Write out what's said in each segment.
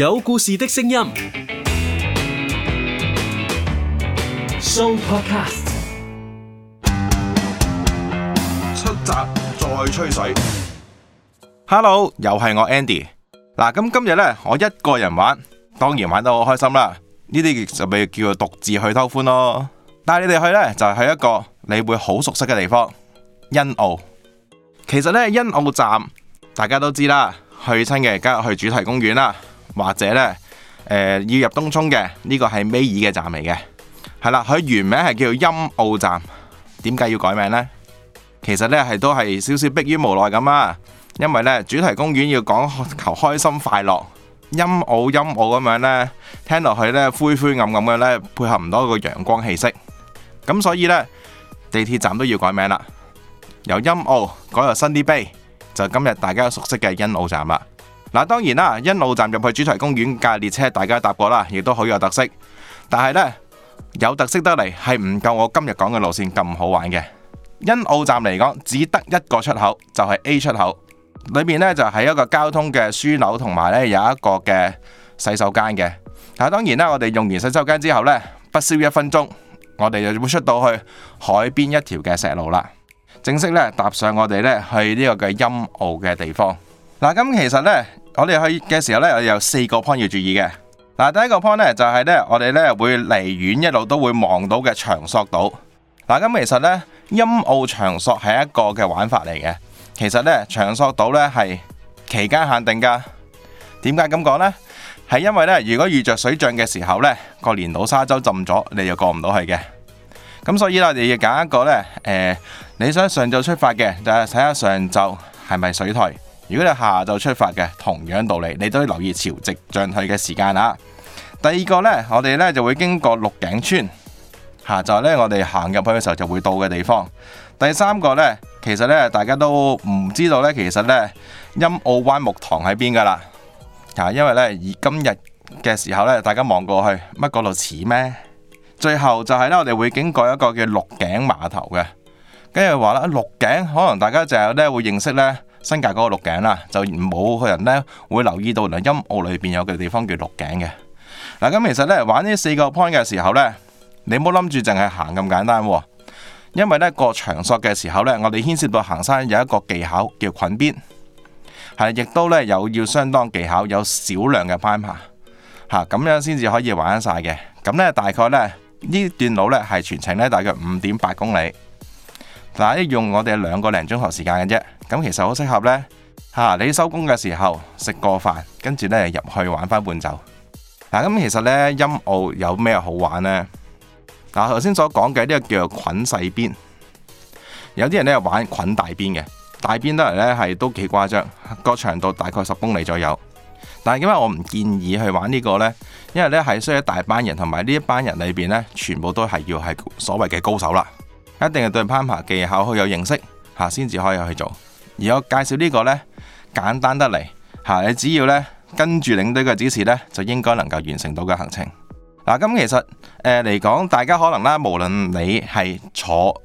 有故事的聲音。Show Podcast。出閘再吹水。Hello，又係我 Andy 嗱。咁今日咧，我一個人玩，當然玩得好開心啦。呢啲就咪叫做獨自去偷歡咯。帶你哋去呢，就係去一個你會好熟悉嘅地方——欣澳。其實呢，欣澳站大家都知啦，去親嘅梗係去主題公園啦。或者咧，誒，要入東涌嘅呢個係尾二嘅站嚟嘅，係啦，佢原名係叫做陰澳站，點解要改名咧？其實咧係都係少少迫於無奈咁啊，因為咧主題公園要講求開心快樂，陰澳陰澳咁樣咧，聽落去咧灰灰暗暗咁樣咧，配合唔到個陽光氣息，咁所以咧地鐵站都要改名啦，由陰澳改作新啲碑，就今日大家熟悉嘅欣澳站啦。嗱，當然啦，欣澳站入去主題公園嘅列車，大家搭過啦，亦都好有特色。但係呢，有特色得嚟係唔夠我今日講嘅路線咁好玩嘅。欣澳站嚟講，只得一個出口，就係 A 出口，裏面呢，就係一個交通嘅樞紐，同埋呢有一個嘅洗手間嘅。嗱，當然啦，我哋用完洗手間之後呢，不消一分鐘，我哋就會出到去海邊一條嘅石路啦，正式呢，搭上我哋呢去呢個嘅欣澳嘅地方。嗱，咁其實呢。我哋去嘅時候咧，我哋有四個 point 要注意嘅。嗱，第一個 point 咧，就係咧，我哋咧會離遠一路都會望到嘅長索島。嗱，咁其實咧，陰澳長索係一個嘅玩法嚟嘅。其實咧，長索島咧係期間限定噶。點解咁講咧？係因為咧，如果遇着水漲嘅時候咧，個連島沙洲浸咗，你就過唔到去嘅。咁所以啦，我哋要揀一個咧，誒，你想上晝出發嘅，就係睇下上晝係咪水退。如果你下晝出發嘅，同樣道理，你都要留意潮汐漲退嘅時間啦。第二個呢，我哋呢就會經過鹿頸村，下晝呢，我哋行入去嘅時候就會到嘅地方。第三個呢，其實呢，大家都唔知道呢。其實呢，陰澳灣木塘喺邊噶啦，啊，因為呢，而今日嘅時候呢，大家望過去乜嗰度似咩？最後就係呢，我哋會經過一個叫鹿頸碼頭嘅，跟住話啦鹿頸可能大家就係呢會認識呢。新界嗰個鹿頸啦，就冇個人呢會留意到。嗱，音樂裏邊有個地方叫鹿頸嘅嗱。咁其實呢玩呢四個 point 嘅時候呢，你唔好諗住，淨係行咁簡單。因為呢過長索嘅時候呢，我哋牽涉到行山有一個技巧叫捆邊，係亦都呢有要相當技巧，有少量嘅攀爬嚇咁樣先至可以玩曬嘅。咁呢大概呢呢段路呢係全程呢大概五點八公里，嗱，用我哋兩個零鐘頭時間嘅啫。咁其實好適合呢。嚇，你收工嘅時候食個飯，跟住呢入去玩翻半晝嗱。咁其實呢，陰澳有咩好玩呢？嗱，頭先所講嘅呢個叫做捆細邊，有啲人呢玩捆大邊嘅大邊，得嚟呢係都幾誇張，個長度大概十公里左右。但係因為我唔建議去玩呢個呢，因為呢係需要一大班人，同埋呢一班人裏邊呢，全部都係要係所謂嘅高手啦，一定係對攀爬技巧好有認識嚇，先至可以去做。而我介紹呢個咧，簡單得嚟嚇，你只要咧跟住領隊嘅指示咧，就應該能夠完成到嘅行程嗱。咁其實誒嚟講，大家可能啦，無論你係坐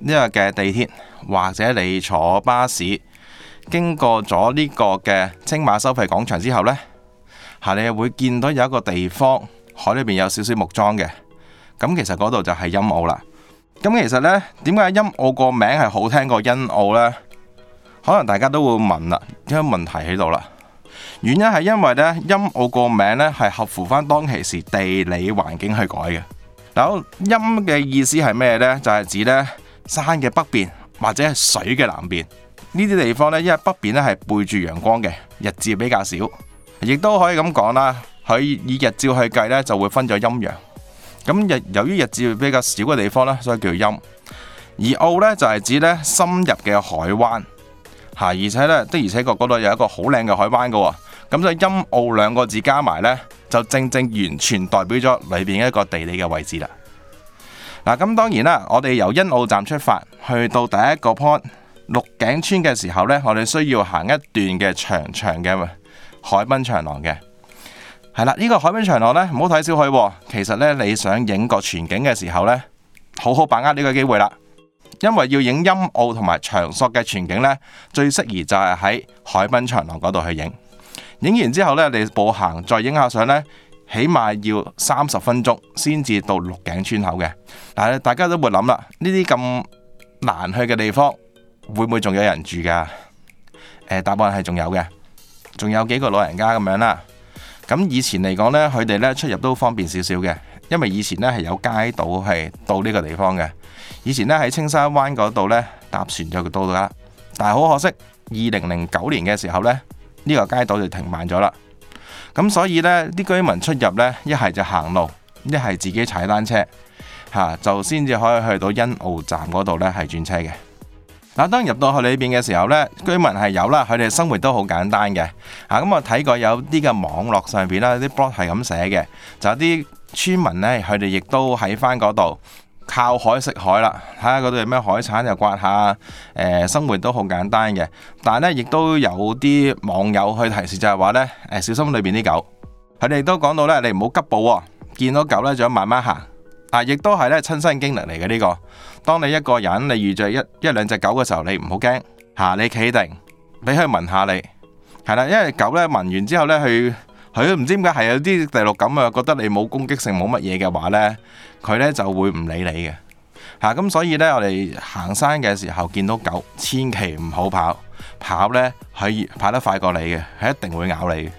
呢個嘅地鐵，或者你坐巴士經過咗呢個嘅青馬收費廣場之後咧嚇，你會見到有一個地方，海裏面有少少木樁嘅咁，其實嗰度就係陰澳啦。咁其實咧，點解陰澳個名係好聽過陰澳咧？可能大家都會問啦，因為問題喺度啦，原因係因為咧，陰澳個名咧係合符翻當其時地理環境去改嘅。嗱，陰嘅意思係咩咧？就係指咧山嘅北邊或者係水嘅南邊呢啲地方咧，因為北邊咧係背住陽光嘅，日照比較少，亦都可以咁講啦。佢以日照去計咧，就會分咗陰陽咁。由於日照比較少嘅地方咧，所以叫陰。而澳咧就係指咧深入嘅海灣。吓，而且咧，的而且確嗰度有一個好靚嘅海灣喎、哦。咁就「陰澳」兩個字加埋呢，就正正完全代表咗裏面一個地理嘅位置啦。嗱，咁當然啦，我哋由欣澳站出發去到第一個坡鹿頸村嘅時候呢，我哋需要行一段嘅長長嘅海濱長廊嘅。係啦，呢、呢個海濱長廊呢，唔好睇小佢、哦，其實呢，你想影個全景嘅時候呢，好好把握呢個機會啦。因為要影陰澳同埋場所嘅全景呢，最適宜就係喺海濱長廊嗰度去影。影完之後呢，你步行再影下相呢，起碼要三十分鐘先至到鹿頸村口嘅。但嗱，大家都會諗啦，呢啲咁難去嘅地方，會唔會仲有人住㗎？誒、呃，答案係仲有嘅，仲有幾個老人家咁樣啦。咁以前嚟講呢，佢哋呢出入都方便少少嘅。因為以前咧係有街道係到呢個地方嘅。以前咧喺青山灣嗰度咧搭船就到㗎啦。但係好可惜，二零零九年嘅時候咧，呢個街道就停辦咗啦。咁所以咧，啲居民出入咧一係就行路，一係自己踩單車，吓就先至可以去到欣澳站嗰度咧係轉車嘅。嗱，當入到去裏邊嘅時候咧，居民係有啦，佢哋生活都好簡單嘅。啊，咁我睇過有啲嘅網絡上邊啦，啲 blog 係咁寫嘅，就有啲。村民呢，佢哋亦都喺返嗰度靠海食海啦。睇下嗰度有咩海產又刮下、呃，生活都好簡單嘅。但係呢，亦都有啲網友去提示就係話呢，小心裏面啲狗。佢哋都講到呢，你唔好急步喎、哦，見到狗呢，就慢慢行。啊，亦都係呢，親身經歷嚟嘅呢個。當你一個人你遇着一一,一兩隻狗嘅時候，你唔好驚嚇，下你企定俾佢聞下你，係啦，因為狗呢聞完之後呢，佢。佢都唔知點解，係有啲第六感啊，覺得你冇攻擊性，冇乜嘢嘅話咧，佢咧就會唔理你嘅嚇。咁所以咧，我哋行山嘅時候見到狗，千祈唔好跑，跑咧佢跑得快過你嘅，佢一定會咬你嘅。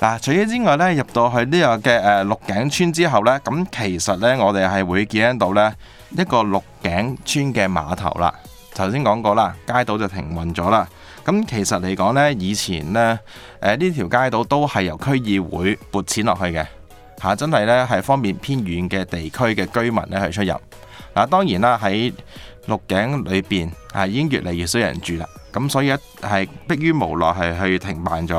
嗱，除此之外咧，入到去呢個嘅誒鹿頸村之後咧，咁其實咧我哋係會見到咧一個鹿頸村嘅碼頭啦。頭先講過啦，街道就停運咗啦。咁其實嚟講呢，以前呢，誒呢條街道都係由區議會撥錢落去嘅嚇，啊，真係呢，係方便偏遠嘅地區嘅居民呢去出入嗱，啊。當然啦，喺鹿頸裏邊係已經越嚟越少人住啦，咁所以一係迫於無奈係去停辦咗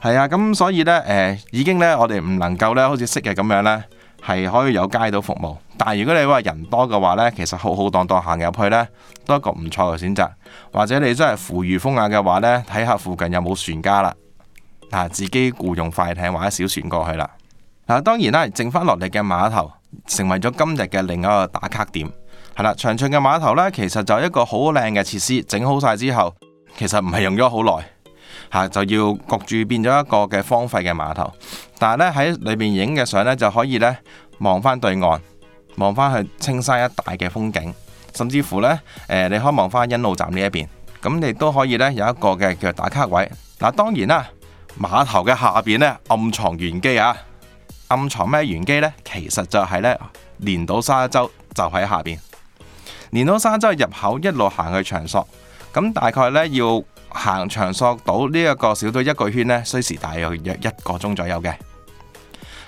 係啊。咁所以呢，誒、呃、已經呢，我哋唔能夠呢，好似昔日咁樣呢，係可以有街道服務。但如果你話人多嘅話呢，其實浩浩蕩蕩行入去呢，都係一個唔錯嘅選擇。或者你真係附庸風雅嘅話呢，睇下附近有冇船家啦，嗱，自己雇用快艇或者小船過去啦。嗱，當然啦，剩翻落嚟嘅碼頭成為咗今日嘅另一個打卡點係啦。長長嘅碼頭呢，其實就一個好靚嘅設施，整好晒之後，其實唔係用咗好耐嚇，就要焗住變咗一個嘅荒廢嘅碼頭。但係呢，喺裏面影嘅相呢，就可以呢望返對岸。望返去青山一帶嘅風景，甚至乎呢，你可以望返欣澳站呢一邊，咁你都可以呢有一個嘅叫打卡位。嗱，當然啦，碼頭嘅下邊呢，暗藏玄機啊，暗藏咩玄機呢？其實就係呢連島沙洲就喺下邊連島沙洲入口一路行去長索，咁大概呢，要行長索島呢一個小島一個圈呢，需時大約約一個鐘左右嘅。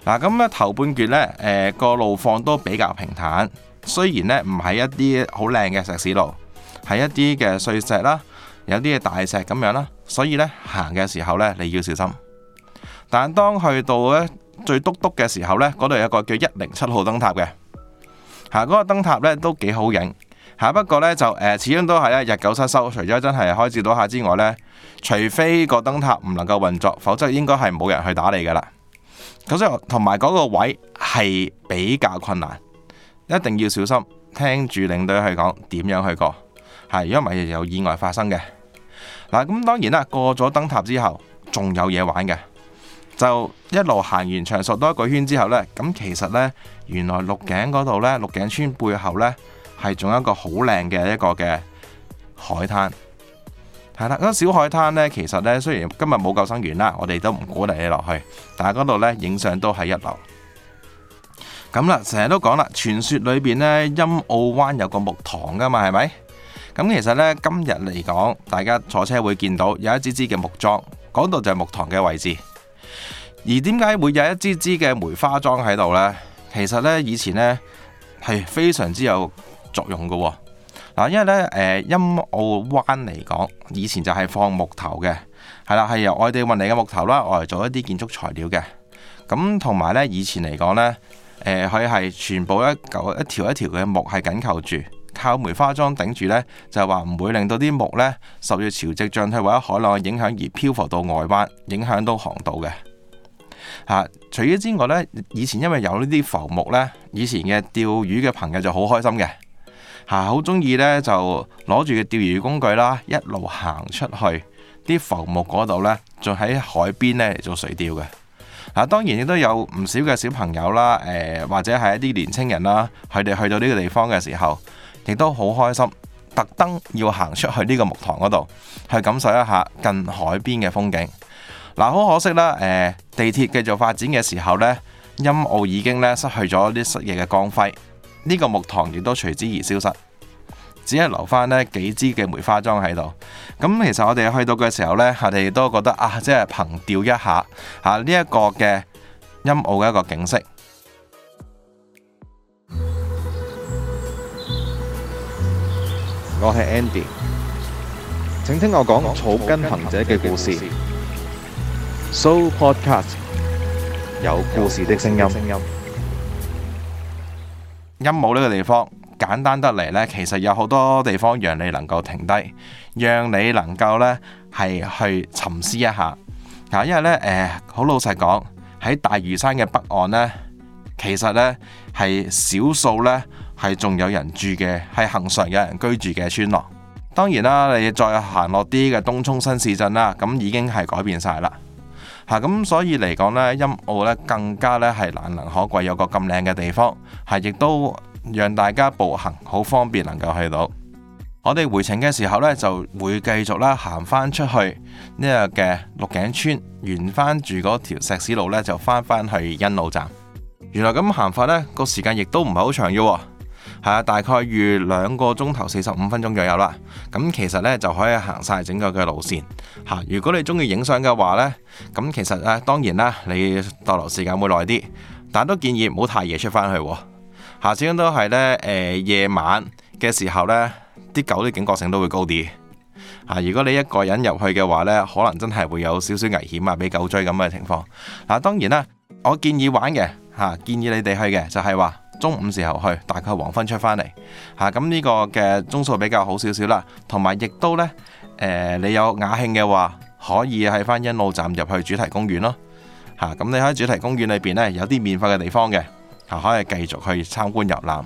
嗱，咁咧頭半段呢，誒、呃、個路況都比較平坦，雖然呢唔係一啲好靚嘅石屎路，係一啲嘅碎石啦，有啲嘅大石咁樣啦，所以呢，行嘅時候呢你要小心。但當去到呢最篤篤嘅時候呢，嗰度有個叫一零七號燈塔嘅，嗱，嗰個燈塔呢都幾好影，不過呢，就誒、呃、始終都係咧日久失修，除咗真係開照到下之外呢，除非個燈塔唔能夠運作，否則應該係冇人去打理㗎喇。咁同埋嗰個位係比較困難，一定要小心，聽住領隊去講點樣去過。係，如果唔係，有意外發生嘅嗱。咁當然啦，過咗燈塔之後，仲有嘢玩嘅，就一路行完長索多一個圈之後呢，咁其實呢，原來鹿頸嗰度呢，鹿頸村背後呢，係仲有一個好靚嘅一個嘅海灘。係啦，嗰小海灘咧，其實咧雖然今日冇救生員啦，我哋都唔鼓勵你落去，但係嗰度咧影相都係一流。咁啦，成日都講啦，傳說裏邊咧，陰澳灣有個木塘噶嘛，係咪？咁其實咧，今日嚟講，大家坐車會見到有一支支嘅木樁，嗰度就係木塘嘅位置。而點解會有一支支嘅梅花樁喺度咧？其實咧，以前咧係非常之有作用噶喎。嗱，因為咧，誒，陰澳灣嚟講，以前就係放木頭嘅，係啦，係由外地運嚟嘅木頭啦，我嚟做一啲建築材料嘅。咁同埋咧，以前嚟講咧，誒，佢係全部一嚿一條一條嘅木係緊扣住，靠梅花樁頂住咧，就係話唔會令到啲木咧，受到潮汐漲退或者海浪嘅影響而漂浮到外灣，影響到航道嘅。嚇！除咗之外咧，以前因為有呢啲浮木咧，以前嘅釣魚嘅朋友就好開心嘅。吓，好中意咧就攞住個釣魚工具啦，一路行出去啲浮木嗰度呢，仲喺海邊呢做水釣嘅。嗱、啊，當然亦都有唔少嘅小朋友啦，誒、呃、或者係一啲年青人啦，佢哋去到呢個地方嘅時候，亦都好開心，特登要行出去呢個木塘嗰度，去感受一下近海邊嘅風景。嗱、啊，好可惜啦，誒、呃、地鐵繼續發展嘅時候呢，陰澳已經咧失去咗啲昔日嘅光輝。呢個木塘亦都隨之而消失，只係留翻呢幾支嘅梅花樁喺度。咁其實我哋去到嘅時候呢，我哋都覺得啊，即係憑吊一下啊呢一個嘅陰澳嘅一個景色。我係 Andy，請聽我講草根行者嘅故事。So Podcast 有故事的聲音。陰武呢個地方簡單得嚟呢，其實有好多地方讓你能夠停低，讓你能夠呢係去沉思一下。嗱，因為呢，誒、呃，好老實講，喺大嶼山嘅北岸呢，其實呢係少數呢係仲有人住嘅，係恆常有人居住嘅村落。當然啦，你再行落啲嘅東涌新市鎮啦，咁已經係改變晒啦。嚇，咁、嗯、所以嚟講呢陰澳咧更加咧係難能可貴，有個咁靚嘅地方，係亦都讓大家步行好方便能夠去到。我哋回程嘅時候呢，就會繼續啦行返出去呢個嘅鹿頸村，沿返住嗰條石屎路呢，就返返去欣澳站。原來咁行法呢，個時間亦都唔係好長嘅喎。係啊，大概預兩個鐘頭四十五分鐘左右啦。咁其實呢，就可以行晒整個嘅路線吓。如果你中意影相嘅話呢，咁其實咧當然啦，你逗留時間會耐啲，但都建議唔好太夜出返去。始終都係呢，誒、呃、夜晚嘅時候呢，啲狗啲警覺性都會高啲。啊，如果你一個人入去嘅話呢，可能真係會有少少危險啊，俾狗追咁嘅情況。嗱，當然啦，我建議玩嘅吓，建議你哋去嘅就係、是、話。中午時候去，大概黃昏出翻嚟，吓咁呢個嘅鐘數比較好少少啦，同埋亦都咧，誒，你有雅興嘅話，可以喺翻欣澳站入去主題公園咯，吓咁你喺主題公園裏邊咧有啲免費嘅地方嘅，吓可以繼續去參觀遊覽。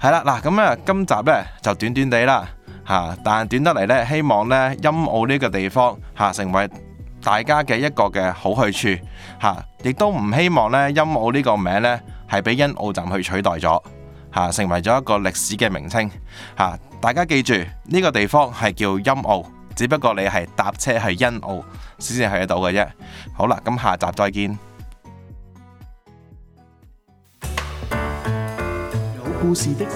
係啦，嗱咁咧，今集咧就短短地啦，吓但係短得嚟咧，希望咧陰澳呢個地方吓成為大家嘅一個嘅好去處，吓亦都唔希望咧陰澳呢個名咧。係俾欣澳站去取代咗，吓成為咗一個歷史嘅名稱，吓大家記住呢個地方係叫欣澳，只不過你係搭車去欣澳先至去得到嘅啫。好啦，咁下集再見。有故事的